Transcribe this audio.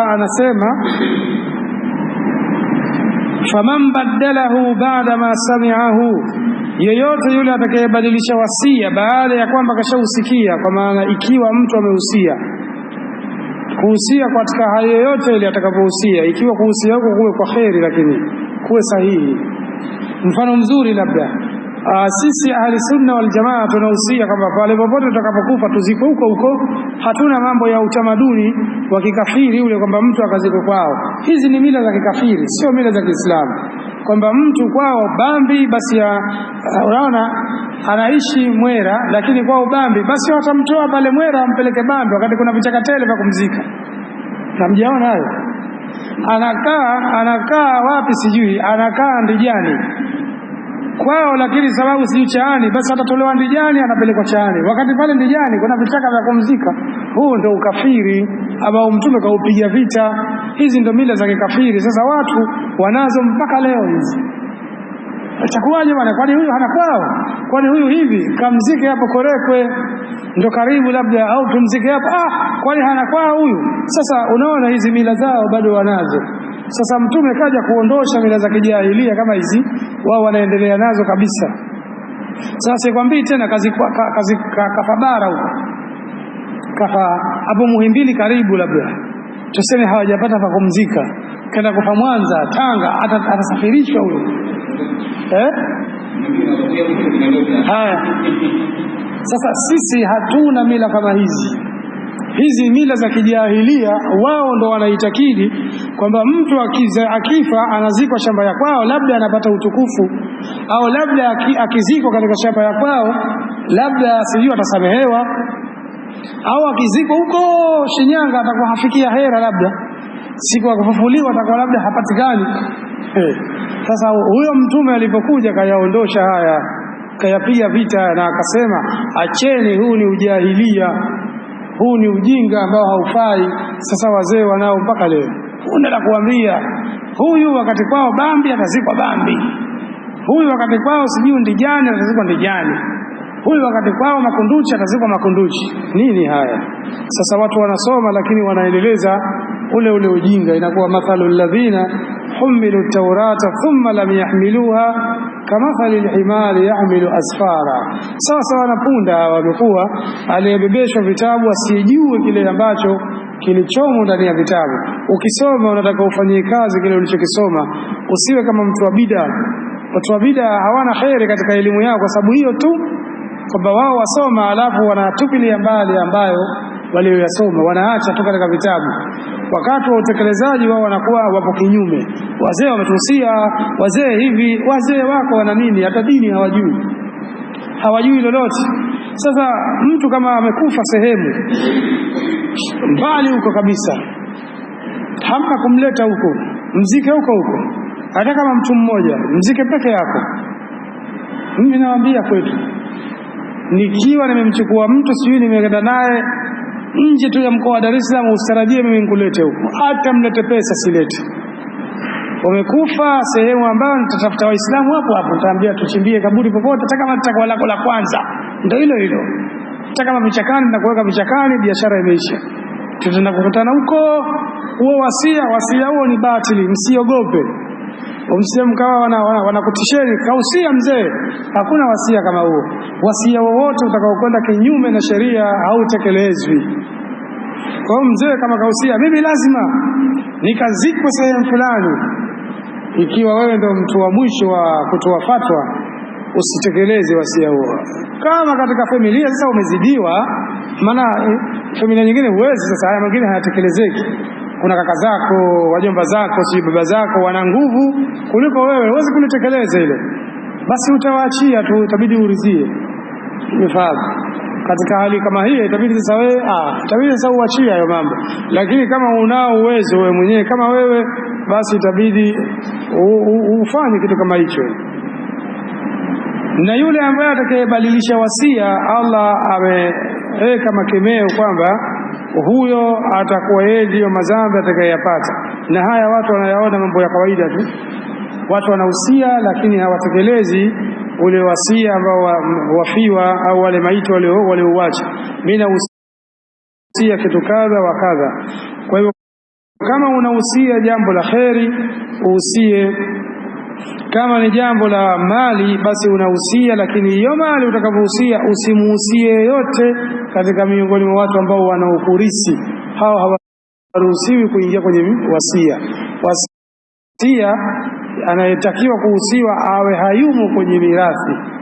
Anasema faman baddalahu baada ma sami'ahu, yeyote yule atakayebadilisha wasia baada ya kwamba kashausikia. Kwa maana ikiwa mtu amehusia kuhusia katika hali yoyote ile atakapohusia, ikiwa kuhusia huko kuwe kwa kheri, lakini kuwe sahihi. Mfano mzuri labda Ah, sisi ahli sunna wal jamaa tunahusia kwamba pale popote tutakapokufa tuzife huko huko. Hatuna mambo ya utamaduni wa kikafiri ule kwamba mtu akazikwe kwao. Hizi ni mila za kikafiri, sio mila za Kiislamu, kwamba mtu kwao Bambi basi ya, uh, unaona anaishi Mwera lakini kwao Bambi, basi watamtoa pale Mwera ampeleke Bambi, wakati kuna vichakatele vya kumzika. Namjaona hayo anakaa anakaa wapi sijui, anakaa Ndijani kwao, lakini sababu si Chaani, basi atatolewa Ndijani, anapelekwa Chaani, wakati pale Ndijani kuna vichaka vya kumzika. Huu ndio ukafiri ambao Mtume kaupiga vita. Hizi ndio mila za kikafiri. Sasa watu wanazo mpaka leo hizi. Itakuwaje bwana? Kwani huyu hana kwao? Kwani huyu hivi kamzike hapo Korekwe ndo karibu labda, au tumzike hapo ah, kwani hana kwao huyu? Sasa unaona hizi mila zao bado wanazo. Sasa mtume kaja kuondosha mila za kijahilia kama hizi, wao wanaendelea nazo kabisa. Sasa sikwambii tena kazi, kazi ka, kafa bara huko kafa hapo Muhimbili karibu, labda tuseme hawajapata pa kumzika, kenda kufa Mwanza, Tanga, atasafirishwa huyo eh? Haya, sasa sisi hatuna mila kama hizi Hizi mila za kijahilia wao ndo wanaitakidi kwamba mtu akiza, akifa anazikwa shamba ya kwao, labda anapata utukufu, au labda akizikwa katika shamba ya kwao, labda sijui atasamehewa, au akizikwa huko Shinyanga atakuwa hafikia hera, labda siku akufufuliwa atakuwa labda hapatikani. Sasa huyo Mtume alipokuja kayaondosha haya, kayapiga vita na akasema, acheni, huu ni ujahilia huu ni ujinga ambao haufai. Sasa wazee wanao mpaka leo, kuna la kuambia huyu, wakati kwao bambi atazikwa bambi, huyu wakati kwao sijui ndijani atazikwa ndijani, huyu wakati kwao makunduchi atazikwa makunduchi. Nini haya? Sasa watu wanasoma, lakini wanaendeleza ule ule ujinga. Inakuwa mathalu ladhina humilu taurata thumma lam yahmiluha kamathali lhimari yahmilu asfara, sawa sawa na punda wamekuwa aliyebebeshwa vitabu asijue kile ambacho kilichomo ndani ya vitabu. Ukisoma unataka ufanyie kazi kile ulichokisoma, usiwe kama mtu wa bida. Watu wa bida hawana kheri katika elimu yao, kwa sababu hiyo tu kwamba wao wasoma, alafu wanatupilia mbali ambayo walioyasoma, wanaacha tu katika vitabu wakati wa utekelezaji wao wanakuwa wapo kinyume. Wazee wametuhusia, wazee hivi, wazee wako wana nini? Hata dini hawajui, hawajui lolote. Sasa mtu kama amekufa sehemu mbali huko kabisa, hamna kumleta huko, mzike huko huko, hata kama mtu mmoja, mzike peke yako. Mimi nawaambia kwetu, nikiwa nimemchukua mtu sijui nimeenda naye nje tu ya mkoa wa Dar es Salaam, usitarajie mimi nikulete huko, hata mlete pesa silete. Wamekufa sehemu ambayo nitatafuta Waislamu hapo hapo, nitaambia tuchimbie kaburi popote, hata kama takwa lako la kwanza ndio hilo hilo, hata kama vichakani, nakuweka vichakani, biashara imeisha, tutaenda kukutana huko. Huo wasia wasia huo ni batili, msiogope. Msije mkawa wanakutisheni wana, wana kausia mzee. Hakuna wasia kama huo. Wasia wowote utakaokwenda kinyume na sheria hautekelezwi. Kwa hiyo mzee kama kausia, mimi lazima nikazikwe sehemu fulani, ikiwa wewe ndio mtu wa mwisho wa kutoa fatwa, usitekeleze wasia huo. Kama katika familia sasa umezidiwa, maana familia nyingine huwezi sasa, haya mengine hayatekelezeki kuna kaka zako, wajomba zako, si baba zako wana nguvu kuliko wewe, huwezi kulitekeleza ile, basi utawaachia tu, itabidi urizie mifadhi katika hali kama hii itabidi sasa wewe ah, itabidi sasa uachie hayo mambo, lakini kama unao uwezo wewe mwenyewe kama wewe, basi itabidi ufanye kitu kama hicho. Na yule ambaye atakayebadilisha wasia, Allah ameweka makemeo kwamba huyo atakuwa yeye ndiyo madhambi atakayeyapata. Na haya watu wanayaona mambo ya kawaida tu, watu wanahusia, lakini hawatekelezi ule wasia ambao wafiwa au wale maiti waliouacha, mimi nahusia kitu kadha wa kadha. Kwa hivyo kama unahusia jambo la kheri, uhusie kama ni jambo la mali, basi unahusia, lakini hiyo mali utakapohusia usimuhusie yeyote katika miongoni mwa watu ambao wanaokurisi. Hao hawaruhusiwi kuingia kwenye wasia. Wasia anayetakiwa kuhusiwa awe hayumo kwenye mirathi.